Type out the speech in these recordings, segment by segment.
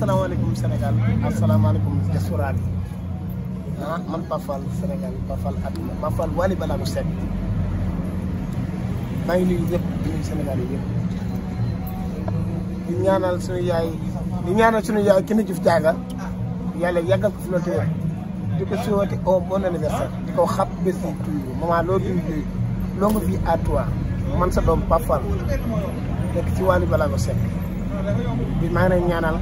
asalaamaaleykum Sénégal asalaamaaleykum diaspora bi ah man Pape Fall Sénégal Pape Fall àdduna Pape Fall Wally Ballago Seck maa ngi nuyu ñëpp di nuyu Sénégal yi yëpp di ñaanal suñu yaay di ñaanal suñu yaay Kine Diouf Diaga yàlla yàggal ko fi loolu tey di ko souhaité au bon anniversaire di ko xat bés yi toujours maman loo dund longue vie man sa doom Pape Fall nekk ci Wally Ballago Seck bi maa ngi ñaanal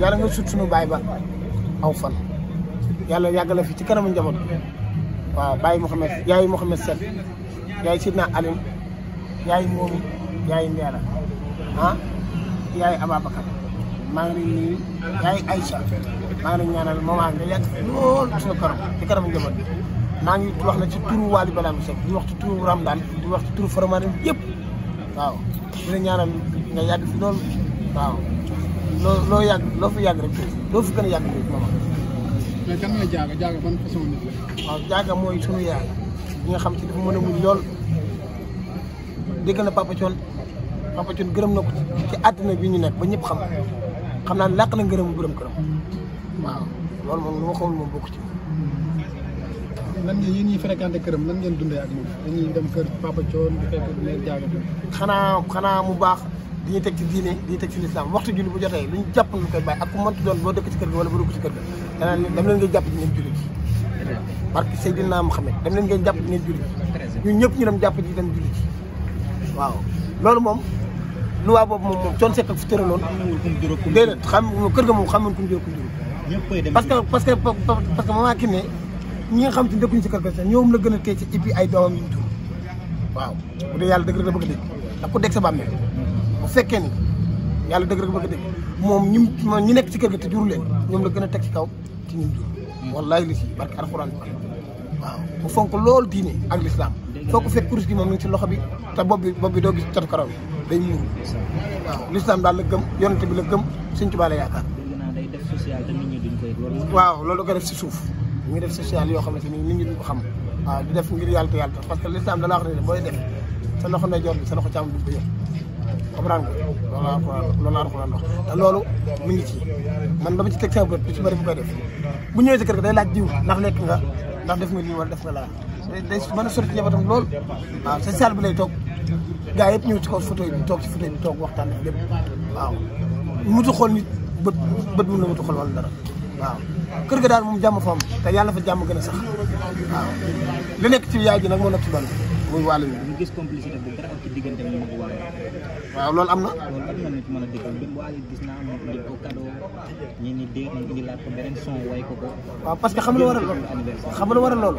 yàlla nga sut sunu baay ba aw fan yàlla yàgg la fi ci kanamu njaboot waaw baay Mouhamed yaay Mouhamed Seck yaay Sidna Alim yaay Moomi yaay Ndeela ah yaay Ababacar maa ngi maa ngi lay ñaanal maman nga yàgg kanam ci kanamu njaboot maa ngi wax na ci turu Waly Balame Seck di wax ci turu Ramdan di wax ci turu Faramareen yëpp waaw dina ñaanal nga yàgg fi lool waaw. loo loo yàgg loo fi yàgg rek loo fi gën a yàgg rek moom. mais kan mooy jaaga waaw jaaga mooy sunu yaay bi nga xam ci dafa mën a muñ lool dégg na Papa Thione gërëm na ko ci àddina bi ñu nekk ba ñëpp xam xam naa làq na ngërëmu borom këram waaw loolu moom lu ma xamul moom bokk ci. nan ngeen yéen ñi fréquenté këram lan ngeen dundee ak moom dañuy dem kër Papa Thione di fekk du leen jaaga xanaa xanaa mu baax diñuy teg ci diine diñuy teg ci lislaam waxtu julli bu jotee lu ñu jàpp ñu koy bàyyi ak ku mënti doon boo dëkk ci wala boo dëkk ci kër gi danaan leen dam leen ngay julli ji dam leen ngay jàpp di ngeen julli ji ñëpp ñu jàpp ji dem julli ji waaw loolu moom luwaa boobu moom moom Thione Seck ak fi tëraloon déedéet xam kër ga moom xam mun ku mu ku mu juró parce que parce que parce que maman Kiné ñi nga xam te dëkkuñu si Kër Penda ñoom la gën a téye ci ipi ay doomam waaw bu dee yàlla dëgg rek la bëgg a dégg ndax ku dégg sa bàmmeel bu fekkee ni yàlla dëgg rek la bëgg a dégg moom ñi ñi nekk si kër ga te jur ñoom la gën a teg ci kaw ci ñun jur wallaay li si barke alxuraan bi waaw mu fonk loolu diine ak lislaam foo ko fekk kurus gi moom mi loxo bi te bopp bi bopp bi doo gis catu karaw bi day muuru la gëm yonente bi la gëm Sëñ Tuubaa la yaakaar waaw loolu ko def si suuf ñu ngi def social yoo xamante ni nit ñi xam waaw ah, di def ngir yàlla te yàlla parce que l'islam dana wax ne booy def sa loxo ne jor bi sa loxo càmm duñ ko yëpp comprendre nga loolu alxuraan loolu alxuraan loolu mi ngi ci man ci teg sama bët lu ci bëri bu bu ñëwee si kër ga day laaj diw ndax lekk nga ndax def nga lii wala def nga laa day mën a sori ah, lay toog gaa yëpp ñëw ci kaw photo bi toog ci photo bi toog waxtaan ak lépp waaw mutu xool bët mun na mutu xool dara waaw kër ga daal moom jàmm fa am te yàlla fa jàmm gën a sax waaw li nekk ci yaay ji nag moo nekk ci doon muy wàllu yi. ñu gis complicité bu dara am waaw loolu am na. loolu a déglu gis naa mu ni dégg ñu indi laat ko beneen son way waaw parce que xam nga lu waral loolu xam nga lu waral loolu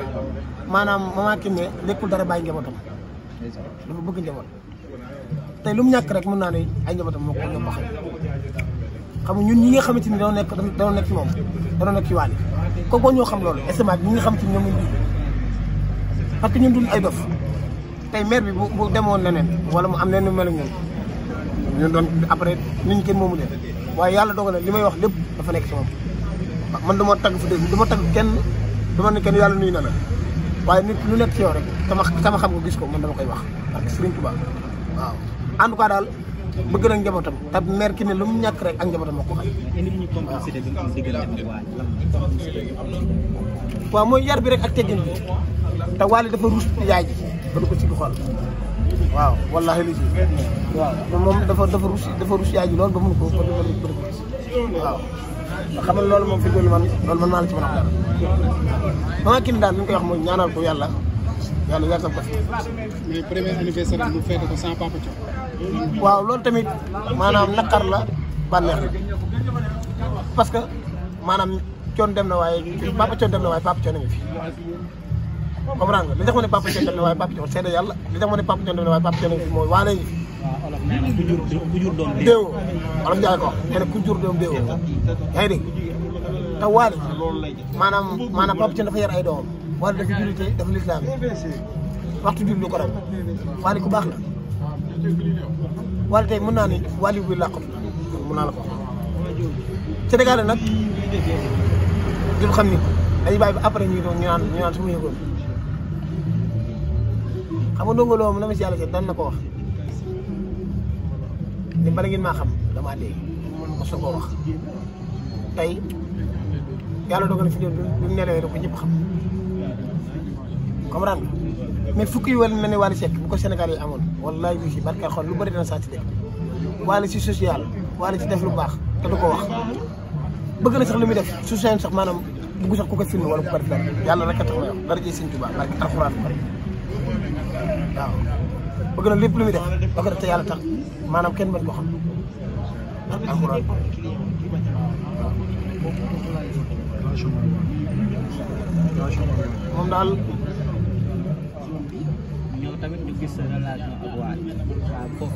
maanaam maman Kiné nekkul dara bàyyi njabootam dafa bëgg njaboot tey lu mu ñàkk rek mën naa ne ay njabootam moo ko ñoo baxal xam nga ñun ñi nga xamante ni dañoo nekk dañoo nekk ci moom dañoo nekk ci Wally kooku ñoo xam loolu SMA ñi nga xamante ni parce que ñun duñ ay dof tey maire bi bu bu demoon leneen wala mu am leneen lu mel ak ñun ñun doon après niñ kenn moomu leen waaye yàlla dogal na li may wax lépp dafa nekk ci moom man dama tagg fu dégg dama tagg kenn dama ne kenn yàlla nuyu na la waaye nit lu nekk ci yow rek sama sama xam nga gis ko man dama koy wax ak Serigne Touba waaw en daal bëgg na njabootam te mer ki lu ñàkk rek ak njabootam moo ko xam. waaw waaw mooy yar bi rek ak teggin bi te Wally dafa ruus yaay ji ba du ko ci xool waaw wallaahi li ci waaw moom dafa dafa ruus dafa ruus yaay ji loolu ba mun ko ba du ko waaw. xam nga loolu moom fi mu man loolu man maa la ci mën a wax dara. koy wax mooy ñaanal ko yàlla. yàlla yaatal ko fi. mais premier anniversaire mu waaw loolu tamit maanaam naqar la bànneex parce que maanaam Thione dem na waaye Papa Thione dem na waaye Papa Thione ngi fi. comprendre nga li tax ma ne Papa Thione dem na waaye Papa Thione seede fi mooy waane ngi fi. ku jur ku jur doom déewoo wala mu jaay ko wax ne doom déewoo yaa ngi waale maanaam maanaam Papa Thione dafa yar ay doomam. wala dafa jullite dafa lislaam ko raw wali ku baax la wala tey mën naa ni wali buy làqatu mën naa la ko Sénégal nag duñ xam ni dañuy bàyyi ba après doon ñu naan ñu yëgoon xam nga ndongo loo moom na ma si yàlla seet ko wax ni bala ngeen maa xam damaa dee ma soo wax tey yàlla dogal na fi ñoom nelawee da ko ñëpp xam comprendre mais fukki wala mel ni Wally Seck bu ko Sénégal yi amoon wallaay bii si barkeel xool lu bëri dana saa ci dëkk Wally si social Wally si def lu baax te du ko wax bëgg na sax lu muy def su seen sax maanaam bëgg sax ku ko filmé wala ku ko def dara yàlla rek a tax may wax dara jëye sëñ Tuubaa barke alxuraan bari waaw na lépp lu muy def ba ko def te yàlla tax maanaam kenn mën ko xam alxuraan moom daal ñëw tamit ñu gis sa relation ak waaw dugg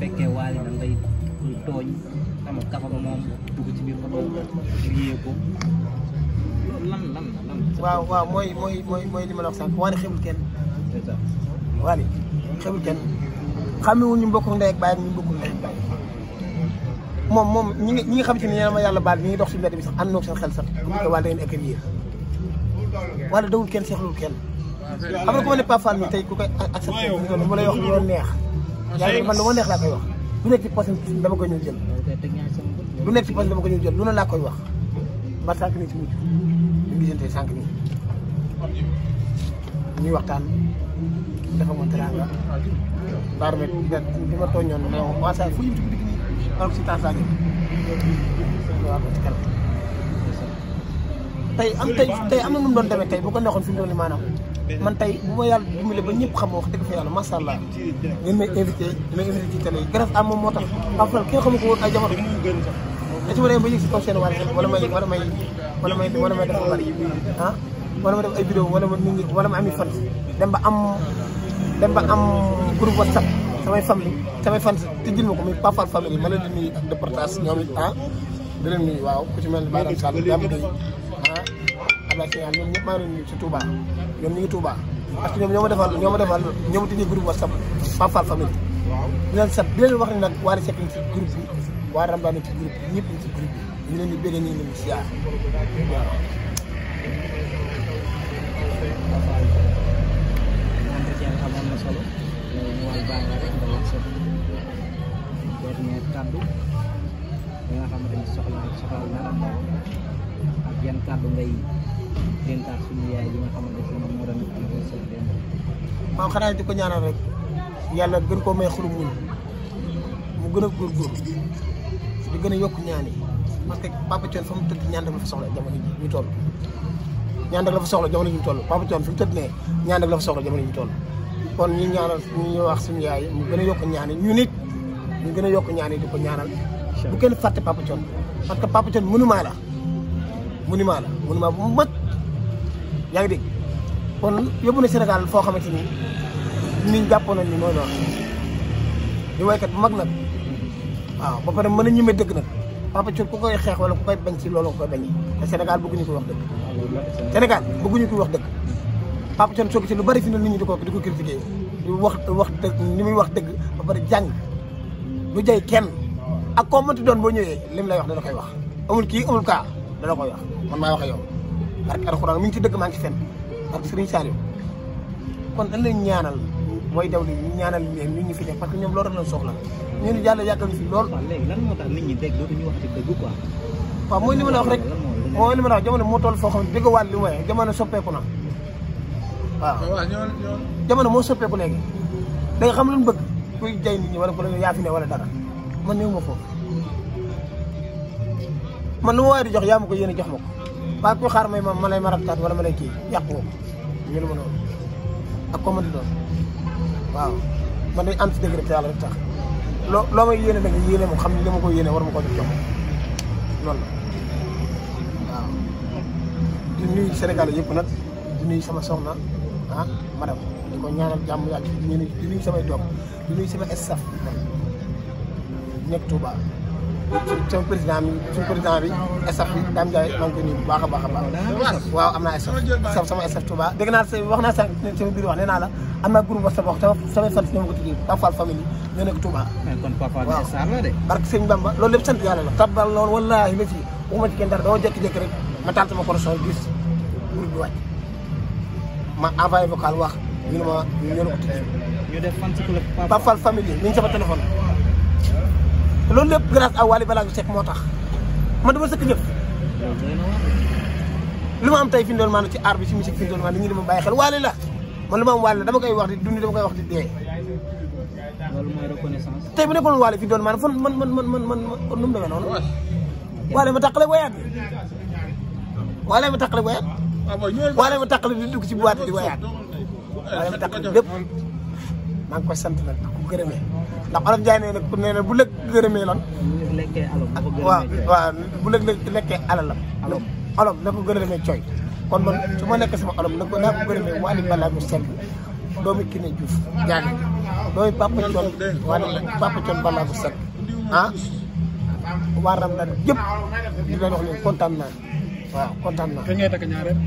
ci biir oto liyee ko lan waaw mooy mooy mooy mooy li ma la wax sànq Wally xewul kenn Wally xewul kenn ñu bokkul ndey ak baay ñu bokkul ndey moom moom ñi nga ñi nga xam si ne ma yàlla baal ñi dox si mbedd bi sax ànd noo seen xel sax bu ñu ko Wally da ngeen écrire Wally dawul kenn seexlul kenn xam nga ku ma ne Pape Fall mi tey ko koy accepté lu ma lay wax neex yaa man lu ma neex laa koy wax lu nekk ci poste dama ko ñëw jël lu nekk ci poste dama koy ñëw jël lu ne laa koy wax ba sànq nii ci mujj ñu ngi gisante sànq nii ñuy waxtaan dafa ci digg nii ma si temps saa tey am tey tey am na nu mu doon demee tey bu ko neexoon si mu doon maanaam man tey bu ma yàlla dimbale ba ñëpp xam wax dëgg fa yàlla macha allah li may invité li may moom moo tax après ki nga xam ne ko woon ay jamono da ci war a yem ba yëg si kaw seen wàll wala may wala may ah, ay vidéo wala ma nit ñi wala ma ami fan dem ba am dem ba am groupe whatsapp samay famille samay fan te jël ma ko muy Pafal famille ma la di nuyu ak déportage ñoom it ah di leen nuyu waaw ku ci mel ni Baara Sall jàmm Touba Sénégal ñoom ñëpp maa ngi leen ci Touba ñoom ñu ñoo ma defal ñoo ma defal ñoo ma tijjee groupe WhatsApp Pape Fall famille di leen sant di leen wax ne nag waa Seck ci groupe bi waa Ramdane ci groupe bi ñu leen di bégg ñu leen di siyaar yan kàddu ngay dénkaat suñu yaay yi nga di ko ñaanal rek yàlla gën koo may xulub mu gën a góor góorgóorlu di gën a yokk ñaan yi parce que Papa Thione fa mu tëdd ñaan dafa soxla jamono ñu toll. ñaan rek la fa soxla jamono ji ñu toll Papa Thione la fa soxla jamono ñu toll kon ñu ñaanal ñu wax suñu yaay mu gën a yokk ñaan yi ñu nit ñu gën a yokk ñaan yi di ko ñaanal. bu kenn fàtte Papa Thione parce que Papa Thione mënumaa la. monument la monument bu mag yaa ngi dégg kon yóbbu na Sénégal foo xamante ni niñ jàppoon nañ ni mooy loolu di waykat mag nag waaw ba pare a ñemee dëgg nag Papa Thione ku koy xeex wala ku koy bañ ci loolu nga koy bañee te ko wax dëgg Sénégal bëgguñu ko wax dëgg Papa Thione soo gisee lu bari fi na nit ko di ko wax wax dëgg ni muy wax dëgg ba pare jàng lu jay kenn ak koo mënti doon boo ñëwee lim lay wax dana koy wax amul kii amul kaa dala koy wax man maa wax ak yow barke alxuraan mi ngi ci dëgg maa ngi ci fen barke Serigne Saliou kon dañ na ñaanal mooy daw li ñu ñaanal leen nit ñi fi nekk parce que ñoom loolu rek lañ soxla ñu ne ñu fi lool. waaw léegi lan dégg dootuñu wax ci dëgg quoi. mooy li ma la wax rek mooy li ma la jamono moo toll foo xam ne dégg waat li mooy jamono soppeeku na waaw. jamono moo soppeeku léegi da nga xam lu mu bëgg kuy jay nit ñi wala ku la yaa wala dara man néew ma foofu man nu ma waay di jox yaa ma ko yéen a jox ma ko waaye xaar may ma ma lay marataat wala ma lay kii yàqu ko ñu ne ma noonu ak ko ma di waaw man day ànd tax loo loo may yéene nag yéene moom xam ne li ma ko war ma ko jox jox loolu la Sénégal yëpp nag di sama soxna ah madame di ko ñaanal jàmm yàgg di nuyu samay doom sama staff nekk Touba sama président mi suñu président bi staff bi Dame Ndiaye maa ngi koy nuyu bu baax a baax a baax waaw am naa staff sama staff Touba dégg naa wax naa sa sama biir wax nee naa la am naa groupe WhatsApp wax sama samay sant ñoo ma ko tuddee Pape Fall famille ñoo nekk la de barke Sëñ Bamba loolu lépp sant yàlla la tabal loolu wallaahi la ci dara dama jékki-jékki rek ma taal sama connexion gis groupe bi wàcc ma envoyé vocal wax ñu ne ma ñu ne ko tuddee ñu def fan ci sama téléphone loolu lépp grâce à Wally Ballago Seck moo tax man dama sëkk ñëpp li ma am tey fi mu doon maanaam ci arbi ci musique fi mu doon maanaam li ñu ne ma bàyyi xel Wally la man li ma am Wally la dama koy wax di dund dama koy wax di dee. loolu bu nekkoon Wally fi mu doon maanaam fan man man man man man nu mu demee noonu. Wally ma tàqale woyaat Wally ma tàqale woyaat. Ah, Wally ma tàqale di dugg ci boîte di woyaat Wally ma tàqale lépp. maa ngi koy sant nag ku gërëmee ndax olof Ndiaye nee na ku na bu lëkk gërëmee lan. waaw waaw bu lëkk lekkee alalam. olof na ko gërëmee cooy. kon man su ma nekk sama olof na ko naa ko gërëmee waa Alioune balaa mu sell doomi Kine Diouf jaane doomi Papa Thion waa Papa Thion balaa mu sell ah kontaan naa waaw kontaan naa. kañ ngay takk ñaareel.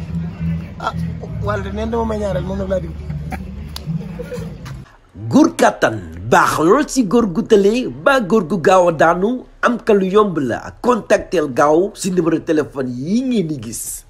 ah wala neen dama may ñaareel moom nag laa di. góor kàttan baax lool ci góor gu tëlee ba góor gu gaaw a daanu am ka lu yomb la contactel gaaw ci numéro téléphone yi ngeen di gis